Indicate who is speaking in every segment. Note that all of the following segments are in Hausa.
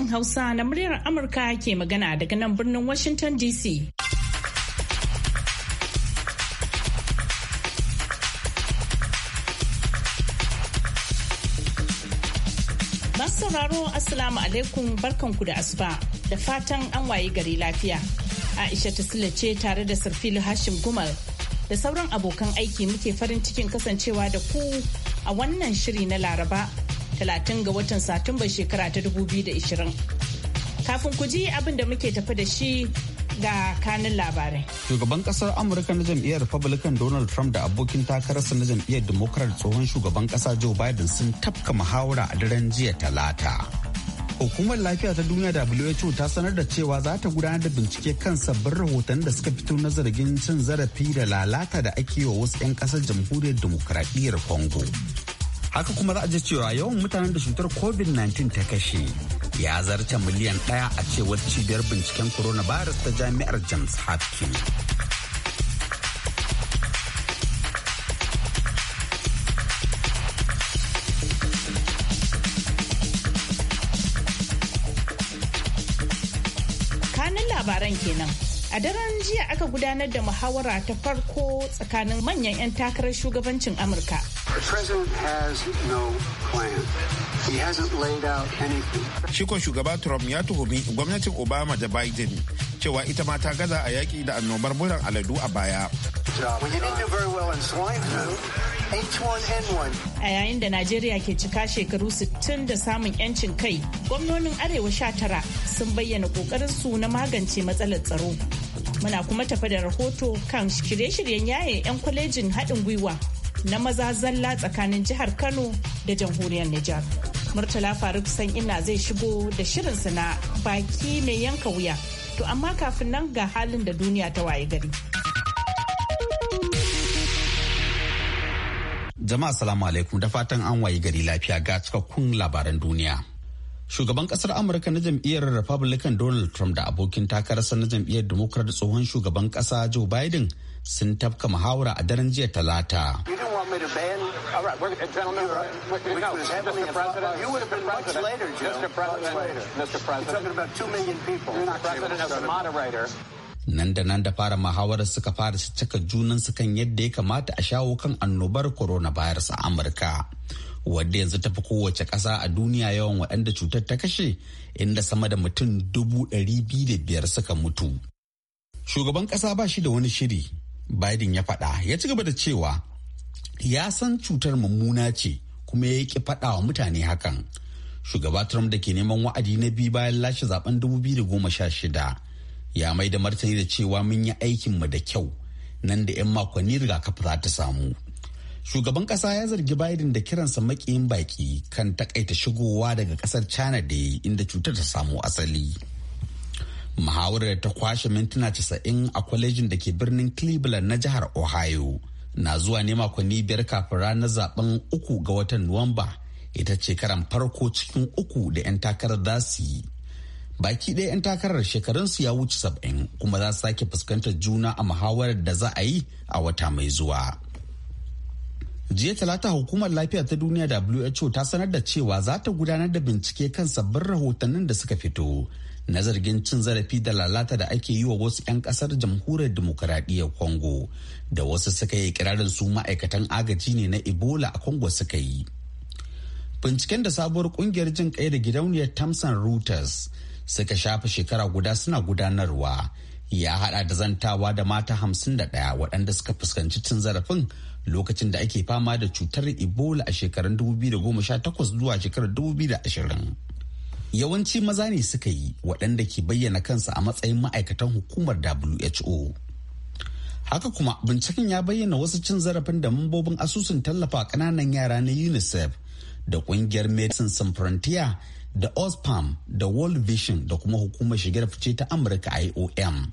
Speaker 1: sashen Hausa na muryar Amurka ke magana daga nan birnin Washington DC. Masu sauraro Assalamu alaikum barkanku da asuba da fatan an waye gari lafiya. Aisha Tasila ce tare da Sarfilu Hashim Gumal da sauran abokan aiki muke farin cikin kasancewa da ku a wannan shiri na Laraba 30 ga watan Satumba shekara ta 2020. Kafin ku ji abin da muke tafi da shi ga kanin labarai.
Speaker 2: Shugaban kasar Amurka na jam'iyyar Republican Donald Trump da abokin takararsa na jam'iyyar Democrat tsohon shugaban kasa Joe Biden sun tafka muhawara a daren jiya talata. Hukumar lafiya ta duniya da WHO ta sanar da cewa za ta gudanar da bincike kan sabbin rahoton da suka fito na zargin cin zarafi da lalata da ake yi wa wasu 'yan kasar jamhuriyar demokradiyyar Congo. haka kuma za a ji cewa yawan mutanen da cutar
Speaker 3: covid-19 ta kashe
Speaker 2: ya zarce miliyan ɗaya a cewar cibiyar binciken coronavirus ta jami'ar james hopkins
Speaker 1: labaran kenan A daren jiya aka gudanar da muhawara ta farko tsakanin manyan 'yan takarar shugabancin Amurka Shikon
Speaker 4: shugaba Trump ya tuhumi gwamnatin Obama da Biden cewa ita ma ta gaza a yaƙi da annobar muran aladu a baya.
Speaker 1: A yayin da Najeriya ke cika shekaru 60 da samun 'yancin kai, gwamnonin Arewa 19 sun bayyana ƙoƙarinsu na magance matsalar tsaro. Muna kuma tafi da rahoto kan shirye-shiryen yaye 'yan kwalejin haɗin gwiwa na maza zalla tsakanin jihar Kano da jamhuriyar Nijar. Murtala Faruk san ina zai shigo da shirinsa na baki mai yanka wuya. To amma kafin nan ga halin da duniya ta waye gari.
Speaker 2: Jama'a salamu alaikum da fatan an waye gari lafiya ga cikakkun labaran duniya. shugaban kasar amurka na jam'iyyar republican donald trump da abokin takararsa na jam'iyyar democrat tsohon shugaban kasa joe biden sun tafka muhawara a daren jiya talata
Speaker 5: want me to ban? All right, we're, uh, gentlemen, right. Uh,
Speaker 1: we, no, Mr. President, you would have been much president. later, Jim. Mr. President, later. Mr. President, You're talking about two million people. Mr. President, as a
Speaker 3: moderator.
Speaker 2: Nan da nan da fara muhawarar suka fara su cika junansu kan yadda ya kamata a shawo kan annobar coronavirus a Amurka. wadda yanzu tafi kowace ƙasa a duniya yawan waɗanda cutar ta kashe inda sama da mutum dubu ɗari biyu da biyar suka mutu. Shugaban ƙasa ba shi da wani shiri, Biden ya faɗa ya ci gaba da cewa ya san cutar mummuna ce kuma ya ki faɗa wa mutane hakan shugaba trump da ke neman wa'adi na biyu bayan lashe zaben 2016 ya mai da martani da cewa mun yi aikinmu da kyau nan da 'yan makonni rigakafi za ta samu shugaban kasa ya zargi biden da kiransa makiyin baki kan takaita shigowa daga kasar china da inda cutar ta samu asali muhawarar ta kwashe mintuna 90 a kwalejin da ke birnin cleveland na jihar ohio na zuwa ne makonni biyar kafin ranar zaben uku ga watan nuwamba ita ce karan farko cikin uku da 'yan takarar za su yi baki ɗaya 'yan takarar shekarunsu ya wuce saba'in kuma za su sake fuskantar juna a muhawarar da za a yi a wata mai zuwa jiya talata hukumar lafiya ta duniya who ta sanar da cewa za ta gudanar da bincike kan sabbin rahotannin da suka fito na zargin cin zarafi da lalata da ake yi wa wasu 'yan kasar jamhuriyar demokuraɗiyyar congo da wasu suka yi kirarin su ma'aikatan agaji ne na ebola a congo suka yi binciken da sabuwar kungiyar jin kai da gidauniyar tamsan reuters suka shafa shekara guda suna gudanarwa ya hada da zantawa da mata hamsin da ɗaya waɗanda suka fuskanci cin zarafin lokacin da ake fama da cutar ebola a shekarun 2018 zuwa shekarar 2020 yawanci maza ne suka yi waɗanda ke bayyana kansa a matsayin ma'aikatan hukumar who haka kuma binciken ya bayyana wasu cin zarafin da mambobin asusun tallafa kananan yara na unicef da ƙungiyar medicine sans frontier da ospam da world vision da kuma hukumar shigar fice ta amurka iom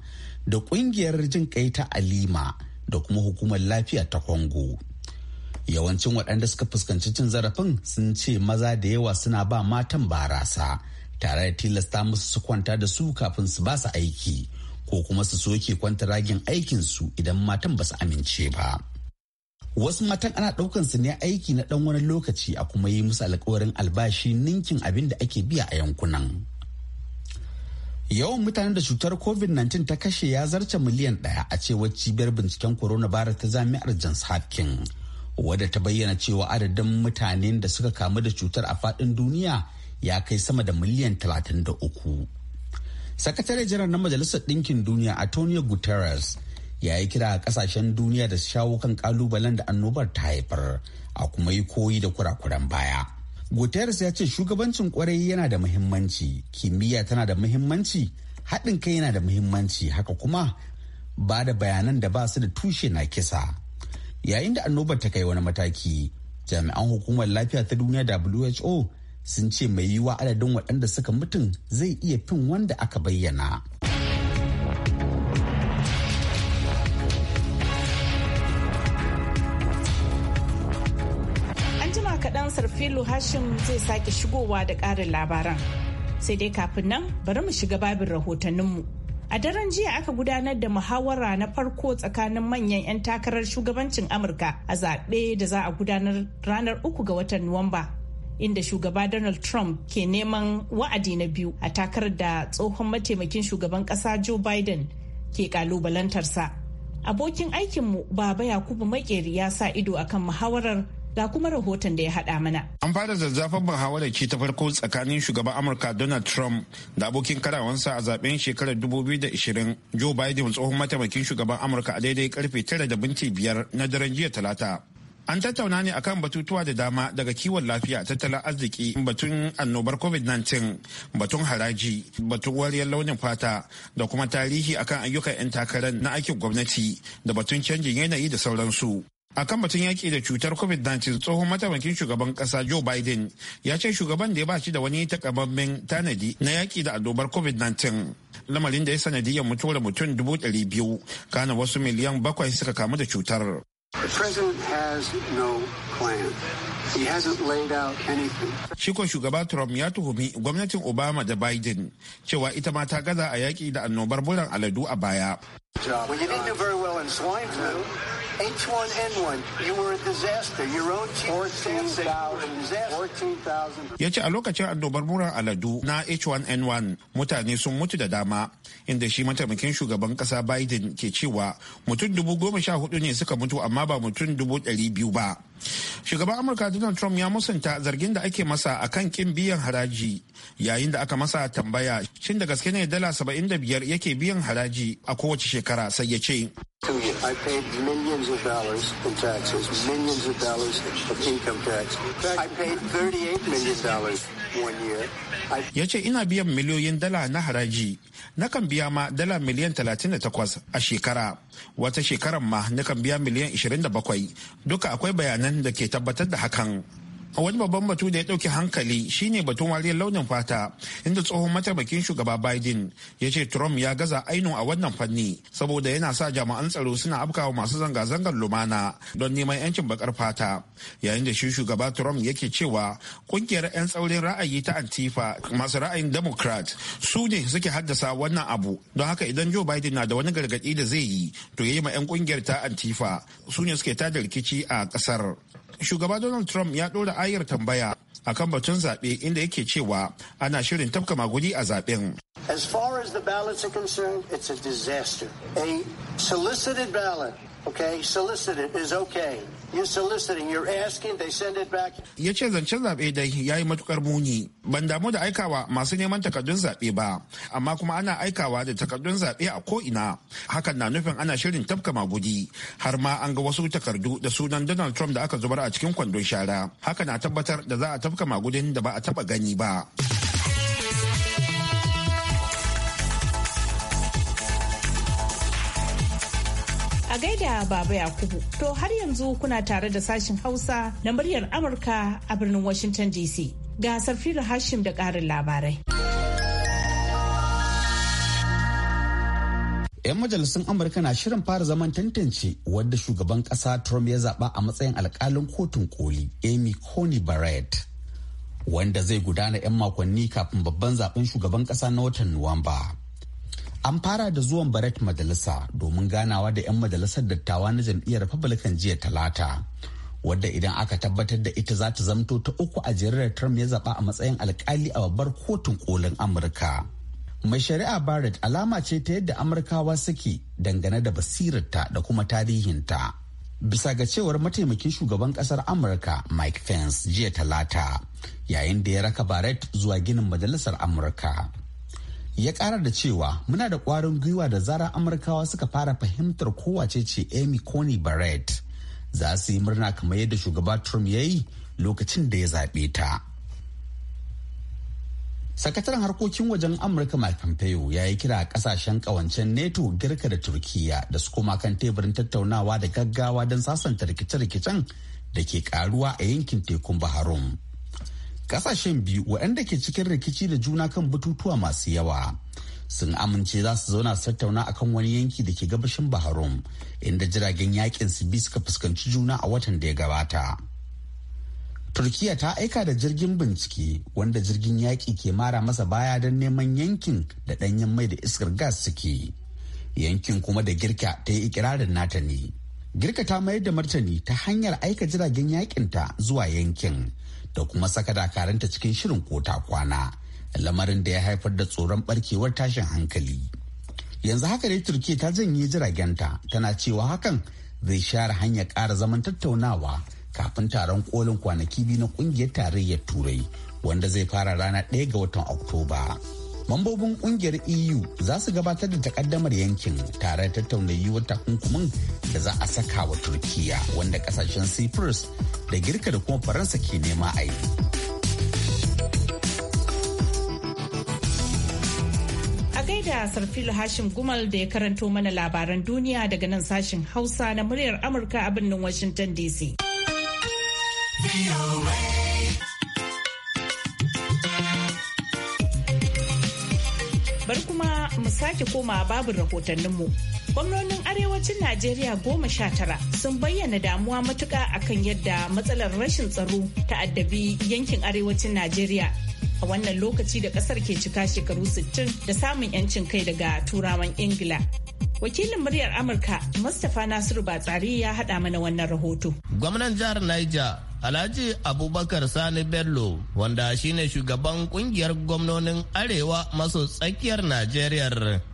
Speaker 2: da ƙungiyar jin kai ta alima da kuma hukumar lafiya ta congo Yawancin waɗanda suka fuskanci cin zarafin sun ce maza da yawa suna ba matan barasa tare da tilasta musu su kwanta da su kafin su ba aiki ko kuma su soke kwanta ragin aikin su idan matan ba su amince ba. Wasu matan ana ɗaukan su ne aiki na ɗan wani lokaci a kuma yi musu alkawarin albashi ninkin abin da ake biya a yankunan. yawan mutanen da cutar covid-19 ta kashe ya zarce miliyan ɗaya a cewar cibiyar binciken bara ta jami'ar johns hopkins wadda ta bayyana cewa adadin mutanen da suka kamu da cutar a faɗin duniya ya kai sama da miliyan 33. sakatare jiran na majalisar ɗinkin duniya antonio guterres ya yi kira a kasashen duniya da shawo kan ƙalubalen da annobar ta haifar a kuma yi koyi da kurakuran baya guterres ya ce shugabancin kwarai yana da muhimmanci kimiyya tana da muhimmanci haɗin kai yana da muhimmanci haka kuma ba da bayanan da ba su da tushe na kisa yayin da annobar ta kai wani mataki jami'an hukumar lafiya ta duniya who sun ce mai yiwuwa adadin waɗanda suka mutum zai iya fin wanda aka bayyana
Speaker 1: an jima kaɗan sarfilu hashim zai sake shigowa da ƙarin labaran sai dai kafin nan bari mu shiga babin rahotanninmu. mu A daren jiya aka gudanar da muhawara na farko tsakanin manyan 'yan takarar shugabancin Amurka a zaɓe da za a gudanar ranar uku ga watan Nuwamba. Inda shugaba Donald Trump ke neman wa'adi na biyu a takarar da tsohon mataimakin shugaban ƙasa Joe Biden ke ƙalubalantarsa. Abokin aikinmu Baba Yakubu maƙeri ya sa ido akan muhawarar ga kuma rahoton da ya haɗa mana.
Speaker 4: An fara zazzafan muhawararci ta farko tsakanin shugaban Amurka Donald Trump da abokin karawansa a zaben shekarar dubu biyu 2020 Joe Biden tsohon mataimakin shugaban Amurka a daidai karfe tara da minti biyar na daren jiya talata. An tattauna ne akan batutuwa da dama daga kiwon lafiya tattalin arziki batun annobar COVID-19, batun haraji, batun wariyar launin fata da kuma tarihi akan ayyukan 'yan takarar na aikin gwamnati da batun canjin yanayi da sauransu. akan batun yaƙi da cutar covid-19 tsohon mataimakin shugaban ƙasa joe biden ya ce shugaban da ya bashi da wani takamammen tanadi na yaƙi da annobar covid-19 lamarin da ya sanadiyar mutuwar mutum dubu ɗari biyu kana wasu miliyan bakwai suka kamu da cutar
Speaker 5: Shikon shugaba
Speaker 4: Trump ya tuhumi gwamnatin Obama da Biden cewa ita ma ta gaza a yaƙi da annobar bulan aladu a baya. Ya ce a lokacin annobar murar aladu na H1N1 mutane sun mutu da dama inda shi mataimakin shugaban kasa Biden ke cewa mutum dubu goma sha hudu ne suka mutu amma ba mutum dubu ɗari biyu ba. shugaban amurka donald trump ya musanta zargin da ake masa a kan kin biyan haraji yayin da aka masa tambaya shin da gaske ne dala saba'in da biyar yake biyan haraji a kowace shekara sai ya ce ya ce ina biyan miliyoyin dala na haraji nakan biya ma dala miliyan 38 a shekara wata shekaran ma nakan biya miliyan 27 duka akwai bayanan da ke tabbatar da hakan wani babban batu da ya dauki hankali shine batun wariyar launin fata inda tsohon mataimakin shugaba biden ya ce trump ya gaza ainihin a wannan fanni saboda yana sa jami'an tsaro suna afkawa masu zanga-zangar lumana don neman yancin bakar fata yayin da shi shugaba trump yake cewa kungiyar 'yan tsaurin ra'ayi ta antifa masu ra'ayin democrat su ne suke haddasa wannan abu don haka idan joe biden na da wani gargadi da zai yi to ya yi ma 'yan kungiyar ta antifa su ne suke tada rikici a kasar. shugaba donald trump ya ɗora ayar tambaya akan batun zaɓe inda yake cewa ana shirin tafka magudi a zaɓen.
Speaker 6: As far as the ballots are concerned, it's a disaster. A solicited ballot okay it is okay
Speaker 4: you soliciting you're asking they send it back yace zancen zaɓe dai ya yi matuƙar muni ban damu da aikawa masu neman takardun zaɓe ba amma kuma ana aikawa da takardun zaɓe a ko ina hakan na nufin ana shirin tafka magudi har ma an ga wasu takardu da sunan Donald Trump da aka zubar a cikin kwandon shara haka na tabbatar da za a tafka magudin da ba a taɓa gani
Speaker 7: ba
Speaker 1: A gaida Baba Yakubu, to har yanzu kuna tare da sashin Hausa na muryar Amurka a birnin Washington DC. Ga Sarfilu Hashim da ƙarin labarai.
Speaker 2: 'Yan majalisun Amurka na shirin fara zaman tantance wadda shugaban ƙasa Trump ya zaɓa a matsayin alƙalin kotun koli Amy Coney Barrett. Wanda zai gudana 'yan makonni kafin babban zaben shugaban ƙasa na watan Nuwamba. an fara da zuwan barrett majalisa domin ganawa da 'yan majalisar dattawa na jam'iyyar republican jiya talata wadda idan aka tabbatar da ita za ta zamto ta uku a jerar trump ya zaba a matsayin alkali a babbar kotun kolin amurka mai shari'a barrett alama ce ta yadda amurkawa suke dangane da basirarta da kuma tarihinta bisa ga cewar mataimakin shugaban kasar amurka mike pence jiya talata yayin da ya raka barrett zuwa ginin majalisar amurka ya kara da cewa muna da kwarin gwiwa da zara amurkawa suka fara fahimtar kowace ce amy coney barrett za su yi murna kamar yadda shugaba trump ya yi lokacin da ya zaɓe ta sakataren harkokin wajen amurka mai pompeo ya yi kira a kasashen kawancen neto girka da turkiya da su koma kan teburin tattaunawa da gaggawa don sasanta rikice-rikicen da ke karuwa a yankin tekun baharum. Kasashen biyu waɗanda ke cikin rikici da juna kan batutuwa masu yawa. Sun amince za su zauna su tattauna akan wani yanki da ke gabashin Baharum inda jiragen yakin su bi suka fuskanci juna a watan da ya gabata. Turkiya ta aika da jirgin bincike wanda jirgin yaƙi ke mara masa baya don neman yankin da ɗanyen mai da iskar gas suke. Yankin kuma da girka ta yi ikirarin nata ne. Girka ta mayar da martani ta hanyar aika jiragen yaƙinta zuwa yankin da kuma saka dakaranta cikin shirin kota kwana lamarin da ya haifar da tsoron barkewar tashin hankali yanzu haka dai turkiya ta janye jiragen ta tana cewa hakan zai share hanyar ƙara zaman tattaunawa kafin taron kolin kwanaki biyu na kungiyar tarayyar turai wanda zai fara rana ɗaya ga watan oktoba. mambobin kungiyar eu za su gabatar da takaddamar yankin tare da tattauna yiwuwar takunkumin da za a saka wa turkiya wanda kasashen cyprus da girka da kuma faransa ke nema a yi
Speaker 1: a gaida sarfilu hashim gumal da ya karanto mana labaran duniya daga nan sashen hausa na muryar amurka a birnin washington dc Bar kuma mu sake koma babin rahotanninmu. Gwamnonin arewacin Najeriya goma sha tara sun bayyana damuwa matuka akan yadda matsalar rashin tsaro ta addabi yankin arewacin Najeriya a wannan lokaci da ƙasar ke cika shekaru 60 da samun 'yancin kai daga turawan Ingila. Wakilin muryar Amurka Mustapha Nasiru Batsari ya haɗa mana wannan rahoto. Gwamnan jihar Niger Alhaji Abubakar Sani Bello
Speaker 8: wanda shine shugaban kungiyar gwamnonin Arewa maso tsakiyar Najeriya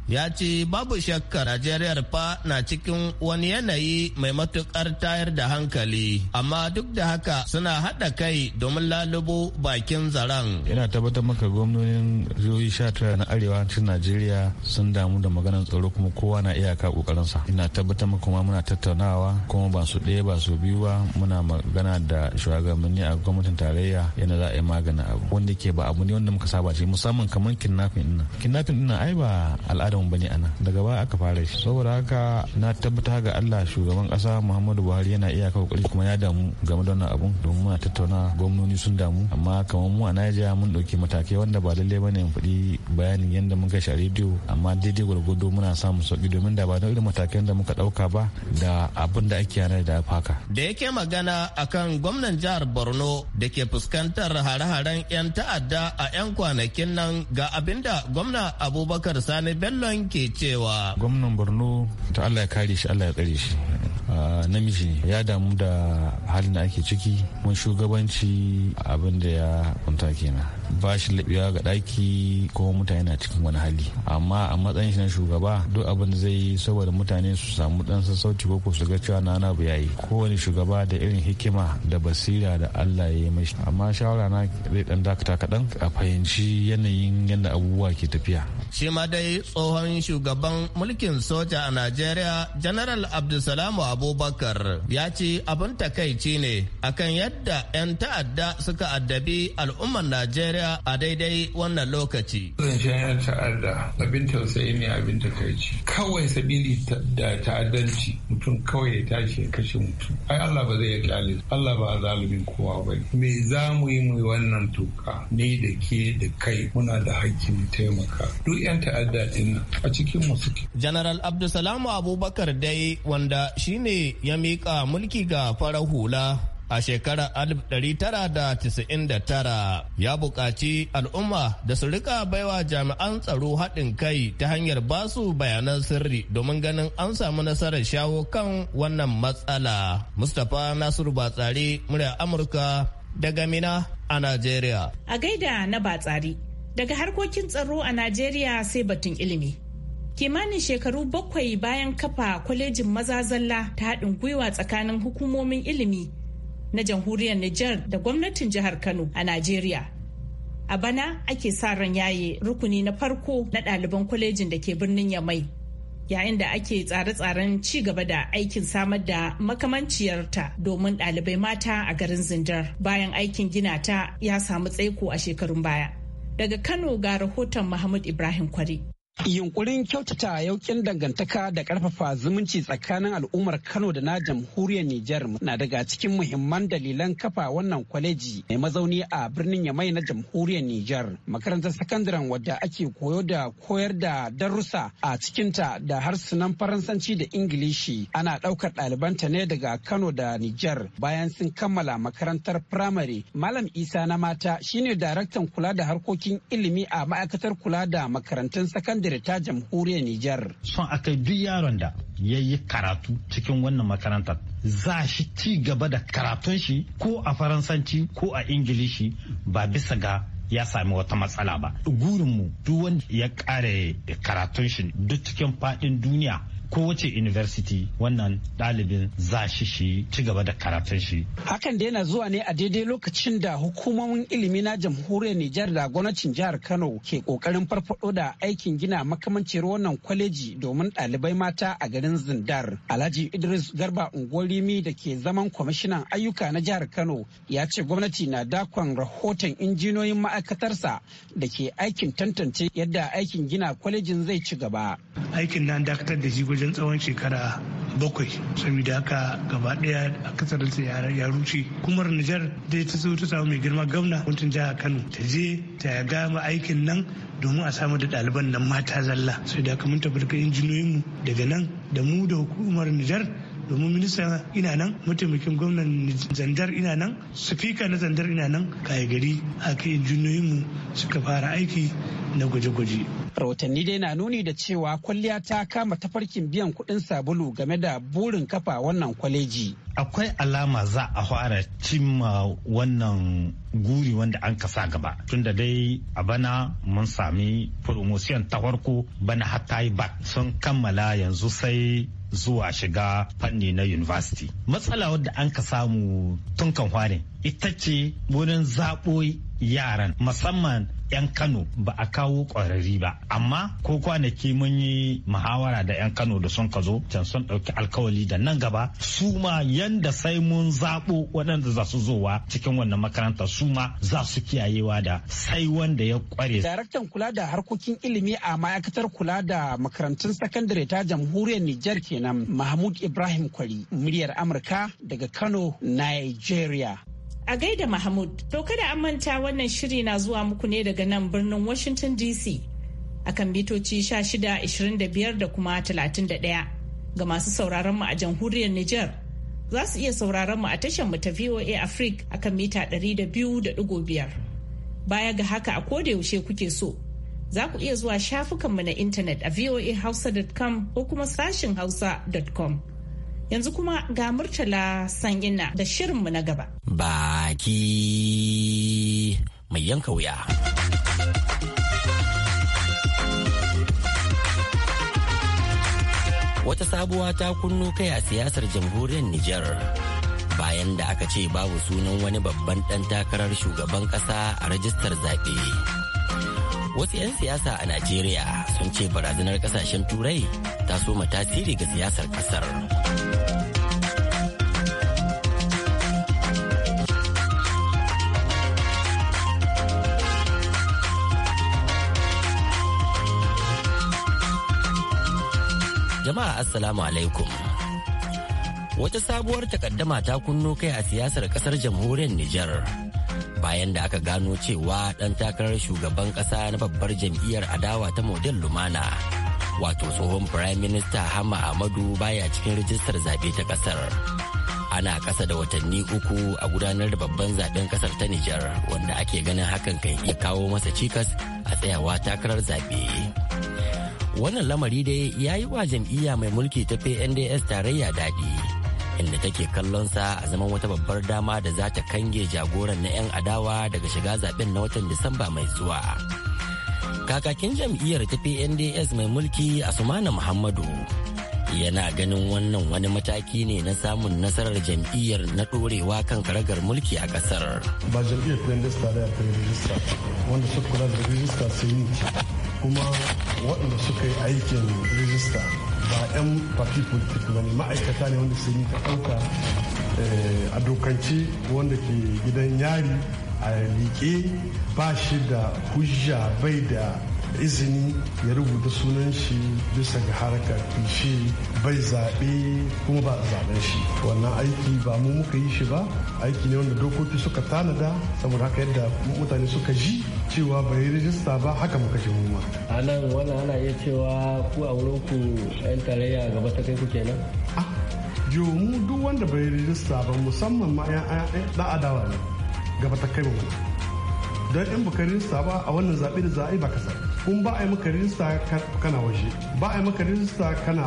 Speaker 8: ya ce babu shakka Najeriya fa na cikin wani yanayi mai matukar tayar da hankali amma duk da haka suna haɗa kai domin lalubo bakin zaran. Ina tabbatar maka gwamnonin jihohi sha tara na arewa cikin Najeriya sun damu da maganar tsaro kuma
Speaker 9: kowa na iyaka kokarinsa. Ina tabbatar maka kuma muna tattaunawa kuma ba su ɗaya ba su biyu ba muna magana da shugabanni a gwamnatin tarayya yana za a yi magana abu wanda ke ba abu ne wanda muka saba ce musamman kamar kidnapping ɗin. Kidnapping ɗin ai ba al'ada yaron bane anan daga baya aka fara shi saboda haka na tabbata ga Allah shugaban kasa Muhammadu Buhari yana iya kokari kuma ya damu game da wannan abun domin muna tattauna gwamnoni sun damu amma kamar mu a Najeriya mun dauki matakai wanda ba lalle bane mu faɗi bayanin yadda mun kashe a rediyo amma daidai gwargwado muna samun sauki domin da ba da irin matakan da muka dauka ba da abin da ake yanar da faka.
Speaker 8: Da yake magana akan gwamnan jihar Borno da ke fuskantar hare-haren 'yan ta'adda a 'yan kwanakin nan ga abinda gwamna Abubakar Sani Bello Gwamnan ke cewa. Gwamnan Borno
Speaker 9: ta Allah ya kare shi Allah ya tsare shi. namiji ne ya damu da halin da ake ciki mun shugabanci abin da ya kunta kenan ba shi labiya ga daki ko mutane na cikin wani hali amma a matsayin shi na shugaba duk abin da zai yi saboda mutane su samu dan sassauci ko su ga cewa na na yayi kowane shugaba da irin hikima da basira da Allah ya yi mashi amma shawara na zai dan dakata kaɗan a fahimci yanayin yadda abubuwa ke tafiya
Speaker 8: shi ma dai tsohon tsohon shugaban mulkin soja a Najeriya, General Abdulsalamu Abubakar, ya ce abin takaici ne akan yadda 'yan ta'adda suka addabi al'ummar Najeriya a daidai wannan lokaci.
Speaker 5: Zancen 'yan ta'adda abin tausayi ne abin takaici. Kawai sabili da ta'addanci mutum kawai ya tashi ya kashe mutum. Ai Allah ba zai kyale Allah ba zalumin kowa ba Me za mu yi mu wannan tuka ni da ke da kai muna da hakkin taimaka. Duk 'yan ta'adda din nan a cikin suke.
Speaker 8: General Abdulsalamu Abubakar dai wanda shine ya miƙa mulki ga farar hula a shekarar 1999 ya buƙaci al'umma da su rika baiwa jami'an tsaro haɗin kai ta hanyar basu bayanan sirri domin ganin an samu nasarar shawo kan wannan matsala. Mustapha Nasiru Batsari, murya Amurka daga Mina a Najeriya.
Speaker 1: A gaida na Batsari. Daga harkokin tsaro a Najeriya sai batun ilimi. Kimanin shekaru bakwai bayan kafa kwalejin mazazalla ta haɗin gwiwa tsakanin hukumomin ilimi na jamhuriyar Nijar da gwamnatin jihar Kano a Najeriya. A bana ake sa ran yaye rukuni na farko na ɗaliban kwalejin da ke birnin Yamai. yayin da ake tsare-tsaren ci gaba da aikin samar da makamanciyarta domin ɗalibai mata a garin zindar bayan aikin gina ta ya samu tsaiko a shekarun baya. Daga Kano ga rahoton Mahmud Ibrahim Kwari.
Speaker 3: Yunkurin kyautata yaukin dangantaka da ƙarfafa zumunci tsakanin al'ummar Kano da na jamhuriyar Nijar na daga cikin muhimman dalilan kafa wannan kwaleji mai mazauni a birnin Yamai na jamhuriyar Nijar. Makarantar sakandaren wadda ake koyo da koyar da darussa a cikinta da harsunan Faransanci da Ingilishi ana ɗaukar ɗalibanta ne daga Kano da Nijar bayan sun kammala makarantar firamare. Malam Isa na mata shine daraktan kula da harkokin ilimi a ma'aikatar kula da makarantun sakandare ta jamhuriyar Nijar. Son aka
Speaker 6: duk yaron da ya yi karatu cikin wannan makaranta za shi ci gaba da karatun shi ko a faransanci ko a ingilishi ba bisa ga ya sami wata matsala ba. Gurinmu duk wanda ya kare karatun shi duk cikin faɗin duniya kowace university wannan ɗalibin za shi shi ci gaba da karatun
Speaker 10: shi.
Speaker 3: Hakan da yana zuwa ne a daidai lokacin da hukumomin ilimi na jamhuriyar Nijar da gwamnatin jihar Kano ke kokarin farfado da aikin gina makamancin wannan kwaleji domin ɗalibai mata a garin Zindar. Alhaji Idris Garba Ungolimi da ke zaman kwamishinan ayyuka na jihar Kano ya ce gwamnati na dakon rahoton injiniyoyin ma'aikatarsa da ke aikin tantance yadda aikin gina kwalejin zai ci gaba. Aikin nan dakatar
Speaker 10: da shi wajen tsawon shekara bakwai saboda haka gaba daya a kasarinsa ya ruce kuma nijar dai ta so ta samu mai girma gwamna Wancan jihar kano ta je ta gama aikin nan domin a samu da ɗaliban nan mata zalla sai da haka mun tabbatar mu daga nan da mu da hukumar nijar domin minista ina nan mataimakin gwamnan zandar ina nan sufika na zandar ina nan Kayi gari haka injiniyoyinmu suka fara aiki na gwaje-gwaje.
Speaker 3: rahotanni dai na nuni da cewa kwalliya ta kama tafarkin biyan kuɗin sabulu game da burin kafa wannan kwaleji
Speaker 6: akwai alama za a fara cimma wannan guri wanda an kasa gaba tunda dai a bana mun sami promotion ta farko bana hatta yi ba sun kammala yanzu sai zuwa shiga fanni na university matsala wadda an ka samu tun kan ita ce wurin zaɓo yaran musamman 'yan Kano ba a kawo ƙwararri ba. Amma ko kwanaki mun yi muhawara da 'yan Kano da sun ka zo can sun ɗauki alkawali da nan gaba su ma yanda sai mun zaɓo waɗanda za su zowa cikin wannan makaranta su ma za su kiyayewa da sai wanda ya
Speaker 3: ƙware. Daraktan kula da harkokin ilimi a ma'aikatar kula da makarantun sakandare ta jamhuriyar Nijar kenan Mahmud Ibrahim Kwari muryar Amurka daga Kano,
Speaker 1: Nigeria. A gaida Mahmud, to kada an manta wannan shiri na zuwa muku ne daga nan birnin Washington DC a akan bitoci 1625 da kuma 31 ga masu sauraron mu a jamhuriyar Niger Za su iya sauraron mu a tashar mu ta VOA Africa kan mita 200.5. Baya ga haka a koda yaushe kuke so, za ku iya zuwa shafukanmu na intanet a voahausa.com ko kuma sashin hausa.com. Yanzu kuma ga Murtala Sanyina da shirinmu na gaba.
Speaker 11: Baki mai yanka wuya. Wata sabuwa ta kunno kai a siyasar jamhuriyar Nijar. Bayan da aka ce babu sunan wani babban ɗan takarar shugaban ƙasa a rajistar zaɓe. Wasu 'yan siyasa a Najeriya sun ce barazanar ƙasashen Turai ta soma tasiri ga siyasar ƙasar. Jama'a Assalamu alaikum. Wata sabuwar takaddama ta kunno kai a siyasar kasar jamhuriyar Nijar. Bayan da aka gano cewa ɗan takarar shugaban ƙasa na babbar jam'iyyar adawa ta Model Lumana, wato tsohon Firayim Minista Hama Ahmadu baya cikin rijistar zaɓe ta ƙasar. Ana ƙasa da watanni uku a gudanar da babban zaɓen ƙasar ta Nijar, wanda ake ganin hakan kan iya kawo masa cikas a tsayawa takarar zaɓe. wannan lamari dai ya yi wa jam'iyya mai mulki ta pnds tarayya daɗi inda take kallonsa a zaman wata babbar dama da za ta kange jagoran na 'yan adawa daga shiga zaben na watan disamba mai zuwa kakakin jam'iyyar ta pnds mai mulki asumana muhammadu yana ganin wannan wani mataki ne na samun nasarar jam'iyyar na ɗorewa kan karagar mulki a ƙasar.
Speaker 10: ba jam'iyyar pnds tare a kai rijista wanda suka kula da rijista sai yi kuma waɗanda suka yi aikin rijista ba 'yan party politik ba ne ma'aikata ne wanda sun yi ta ɗauka eh, a dokanci wanda ke gidan yari a liƙe ba shi da hujja bai da izini ya rubuta sunan shi bisa ga harkar shi bai zaɓe kuma ba zaɓen shi wannan aiki ba mu muka yi shi ba aiki ne wanda dokoki suka tanada saboda haka yadda mutane suka ji cewa bai yi rijista ba haka muka ji muma a nan wannan ana iya cewa ku a wurin ku 'yan tarayya gaba ta kai ku kenan ah, mu duk wanda bai rijista ba musamman ma 'yan adawa ne gaba ta kai mu don in bukari rijista ba a wannan zaɓe da za'a yi ba ka zaɓe kun ba a yi maka rijista kana waje ba a yi maka rijista kana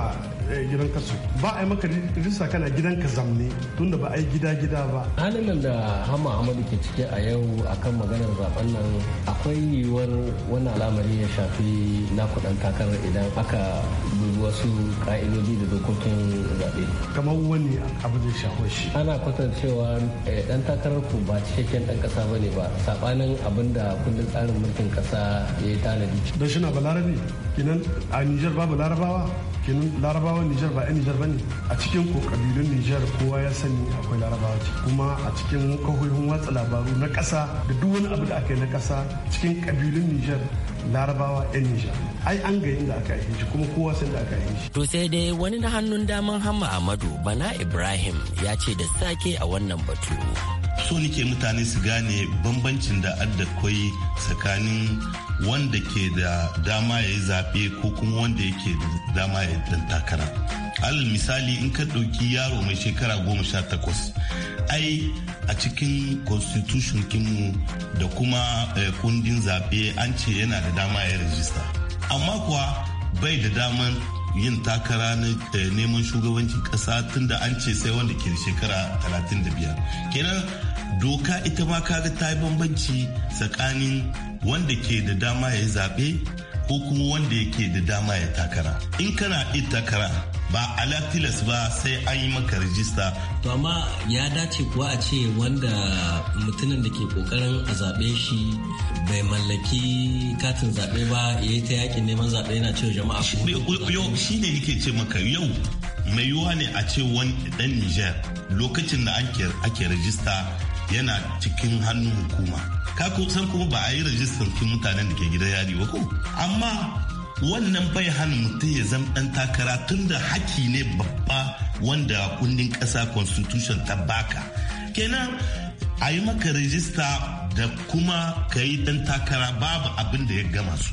Speaker 10: Eh, gidan kasu ba a yi maka risa kana gidan ka zamne tunda ba a yi gida gida ba halin nan da hama amadu ke ciki a
Speaker 11: yau akan maganar zaben
Speaker 10: nan akwai yiwuwar
Speaker 11: wannan al'amari ya shafi na kudin takarar idan aka dubi wasu ka'idodi da dokokin zaɓe kamar wani abu da shafi
Speaker 10: shi ana kwatanta cewa dan eh, takarar ku ba cikakken dan kasa bane ba sabanin abin da kundin tsarin mulkin kasa ya yi tanadi don shi na balarabe kinan a nijar babu larabawa kenan larabawan nijar ba 'yan nijar ba ne a cikin ko kabilun nijar kowa ya sani akwai larabawa kuma a cikin kahohin watsa labaru na kasa da duk wani abu da aka yi na kasa cikin kabilun nijar larabawa 'yan nijar ai an ga da aka yi shi kuma kowa san da aka yi shi
Speaker 11: to sai dai wani na hannun daman hamma amadu bana ibrahim ya ce da sake a wannan
Speaker 7: batu so nike mutane su gane bambancin da adda kwai tsakanin wanda ke da dama ya yi zaɓe ko kuma wanda yake da dama ya dan takara alal misali in ka ɗauki yaro mai shekara goma sha takwas ai a cikin constitution kinmu da kuma eh, kundin zaɓe an ce yana da dama ya rijista amma kuwa bai da daman yin takara na eh, neman shugabancin kasa tunda an ce sai wanda ke shekara 35 kenan doka ita ma kaga ta yi bambanci tsakanin wanda ke da dama ya yi zaɓe ko kuma wanda yake da dama ya takara in kana iya takara ba ala ba sai an yi maka rijista to amma ya dace kuwa a ce wanda mutumin da ke kokarin a zaɓe shi bai mallaki katin zaɓe ba ya yi ta yakin neman zaɓe yana cewa jama'a shi ne nake ce maka yau mai yiwuwa ne a ce wani dan niger lokacin da ake rajista yana cikin hannun hukuma ka san kuma ba a yi rajistar mutanen da ke gida yari ba ko amma wannan bai hana mutum ya zama ɗan takara tun da haki ne babba wanda kundin ƙasa constitution ta baka kenan a yi maka rajista da kuma ka yi dan takara babu abin da ya gama su.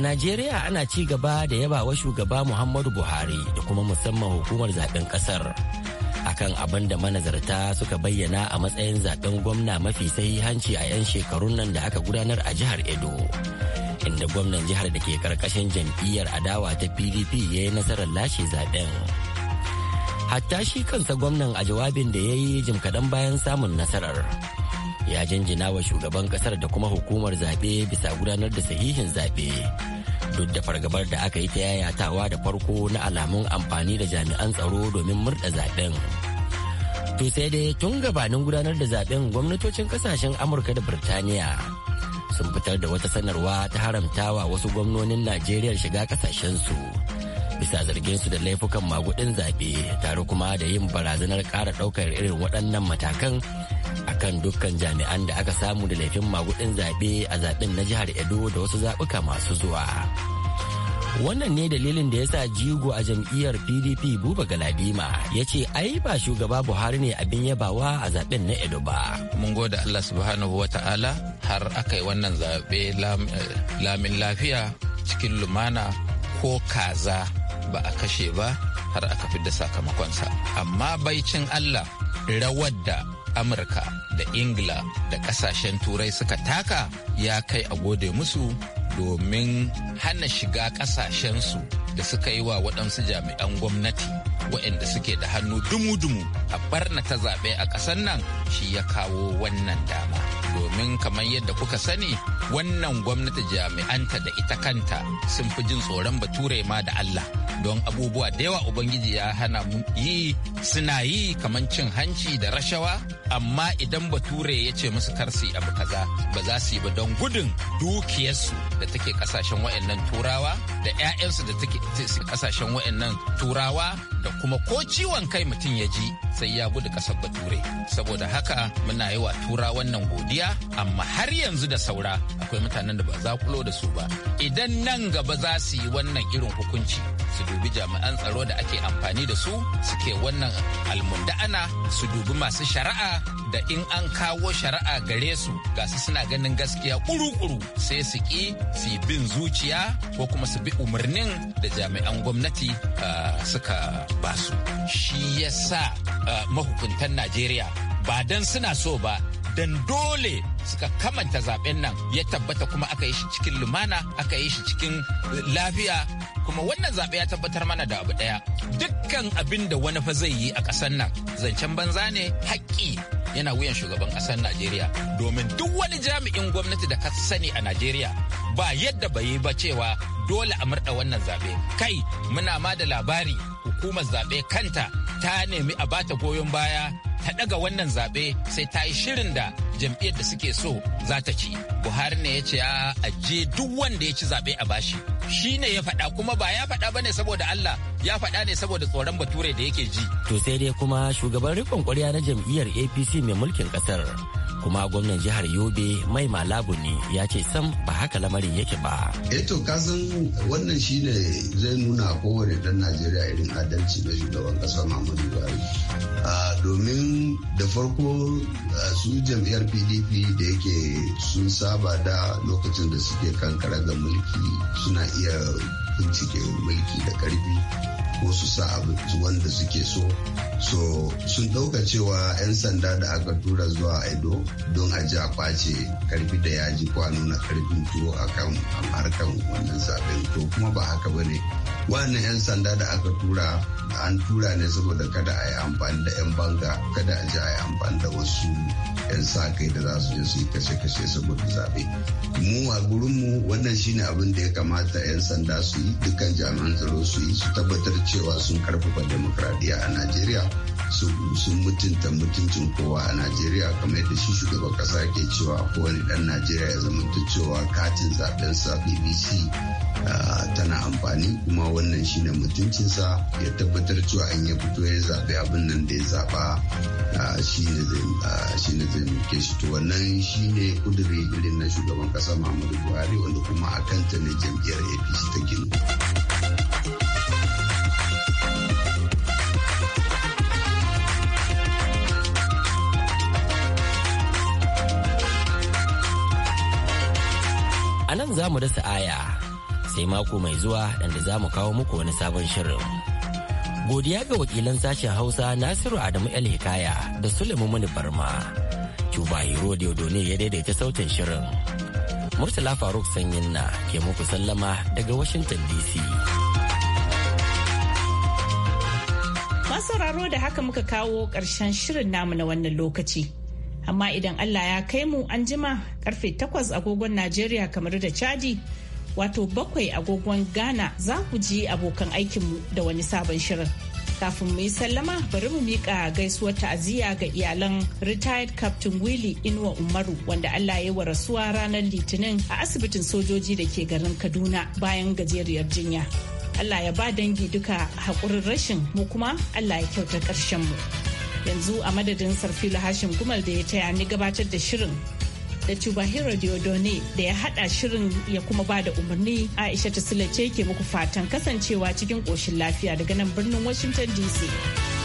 Speaker 11: A Najeriya ana ci gaba da yabawa shugaba Muhammadu Buhari da kuma musamman hukumar zaben kasar. Akan abin da manazarta suka bayyana a matsayin zaben gwamna mafi hanci a 'yan shekarun nan da aka gudanar a jihar Edo. Inda gwamnan jihar da ke karkashin jam'iyyar adawa ta PDP ya yi nasarar lashe zaben. Hatta shi kansa gwamnan a jawabin da ya yi jim kaɗan bayan samun nasarar. ya jinjina wa shugaban kasar da kuma hukumar zaɓe bisa gudanar da sahihin zaɓe duk da fargabar da aka yi ta yayatawa da farko na alamun amfani da jami'an tsaro domin murda zaɓen to sai dai tun gabanin gudanar da zaɓen gwamnatocin kasashen amurka da birtaniya sun fitar da wata sanarwa ta haramtawa wasu gwamnonin najeriya shiga kasashensu bisa zargin su da laifukan magudin zaɓe tare kuma da yin barazanar ƙara ɗaukar irin waɗannan matakan akan dukkan jami'an da aka samu da laifin magudin zaɓe a zaɓen na jihar Edo da wasu zaɓuka masu zuwa. Wannan ne dalilin da ya sa jigo a jam'iyyar PDP Buba Galadima ya ce ai ba shugaba Buhari ne abin yabawa a zaɓen na Edo ba.
Speaker 12: Mun gode Allah subhanahu wa ta'ala har aka yi wannan zaɓe lamin lafiya cikin lumana ko kaza ba a kashe ba har aka fi da sakamakonsa. Amma baicin Allah rawar da amurka da ingila da kasashen turai suka taka ya kai a gode musu domin hana shiga kasashensu da suka yi wa waɗansu jami'an gwamnati waɗanda suke da hannu dumu-dumu a barna ta zaɓe a ƙasar nan shi ya kawo wannan dama domin kamar yadda kuka sani wannan gwamnati jami'anta da ita kanta sun fi jin tsoron bature ma da allah don abubuwa da yawa ubangiji ya hana mu yi suna yi kamar cin hanci da rashawa amma idan bature ya ce musu kar su yi abu kaza ba za su yi ba don gudun dukiyarsu da take kasashen wayannan turawa da 'ya'yansu da take kasashen wayannan turawa da kuma ko ciwon kai mutum ya ji sai ya gudu kasar bature saboda haka muna yi wa tura wannan godiya amma har yanzu da saura akwai mutanen da ba za kulo da su ba idan nan gaba za su yi wannan irin hukunci su dubi jami'an tsaro da ake amfani da su suke wannan almunda'ana su dubi masu shari'a da in an kawo shari'a gare su ga su suna ganin gaskiya kuru-kuru sai su ki su bin zuciya ko kuma su bi umarnin da jami'an gwamnati ah, suka su. shi ya yasa ah, mahukuntan najeriya ba don suna so ba don dole suka kamanta zaben nan ya tabbata kuma aka yi shi cikin lumana aka yi shi cikin lafiya kuma wannan zaɓe ya tabbatar mana da abu ɗaya dukkan abin da wani fa zai yi a ƙasar nan zancen banza ne haƙƙi yana wuyan shugaban ƙasar Najeriya domin duk wani jami'in gwamnati da ka sani a Najeriya ba yadda bai yi ba cewa dole a murɗa wannan zaɓe. Kai muna ma da labari hukumar zaɓe kanta ta nemi a bata goyon baya ta daga wannan zaɓe sai ta yi shirin da jam'iyyar da suke so za ta ci buhari ne ya ce a aje duk wanda ya ci zaɓe a bashi shi ne ya faɗa kuma ba ya faɗa bane saboda allah ya faɗa ne saboda tsoron bature da yake ji
Speaker 11: to sai dai kuma shugaban rikon kwarya na jam'iyyar apc mai mulkin ƙasar kuma gwamnan jihar yobe mai malabu ne ya ce sam ba haka lamarin yake ba
Speaker 5: eto eh kasan wannan shine zai nuna kowane dan najeriya irin adalci na shugaban kasa muhammadu buhari ah, domin da farko ah, su jam'iyyar pdp da yake sun saba da lokacin da suke kankara ga mulki suna iya cikin mulki da karfi ko su sa abu wanda suke so so sun ɗauka cewa 'yan sanda da aka tura zuwa edo don a ji a kwace karfi da ya ji a nuna karfin tuwo a kan harkar wannan zaben to kuma ba haka ba ne wannan 'yan sanda da aka tura an tura ne saboda kada a yi amfani da 'yan banga kada a ji a yi amfani da wasu 'yan sa kai da za su je su yi kashe-kashe saboda zaɓe mu a mu wannan shine abin da ya kamata 'yan sanda su yi dukkan jami'an tsaro su yi su tabbatar cewa sun karfafa demokradiyya a najeriya sun mutunta mutuncin kowa a najeriya kamar yadda shi shugaban kasa ke cewa kowane dan najeriya ya zama cewa katin zaben sa bbc tana amfani kuma wannan shine mutuncinsa ya tabbatar cewa an ya fito ya zaɓi abin nan da ya zaba shi ne zai muke shi to wannan ne kuduri irin na shugaban kasa muhammadu buhari wanda kuma a kanta ne jam'iyyar apc ta gino.
Speaker 11: za mu dasa aya sai mako mai zuwa dan da za mu kawo muku wani sabon shirin. Godiya ga wakilan sashen Hausa Nasiru Adamu El Hikaya da Suleiman Muni Barma. Cuba Hero ne ya daidaita sautin shirin. Murtala Faruk Sanyin na ke muku sallama daga Washington DC.
Speaker 1: sauraro da haka muka kawo ƙarshen shirin namu na wannan lokaci amma idan Allah ya kai mu an jima karfe 8 agogon Najeriya kamar da Chadi wato bakwai agogon Ghana za ku ji abokan aikinmu da wani sabon shirin. Kafin mu yi sallama bari mu miƙa gaisuwar ta'aziyya ga iyalan retired Captain Willy Inuwa Umaru wanda Allah ya wa rasuwa ranar Litinin a asibitin sojoji da ke garin Kaduna bayan gajeriyar jinya. Allah ya ba dangi duka haƙurin rashin mu kuma Allah ya kyauta ƙarshen mu. yanzu a madadin sarfila hashim gumal da ya taya ni gabatar da shirin da Chubahiro Diodone da ya hada shirin ya kuma ba da umarni Aisha ta ce ke muku fatan kasancewa cikin koshin lafiya daga nan birnin Washington DC.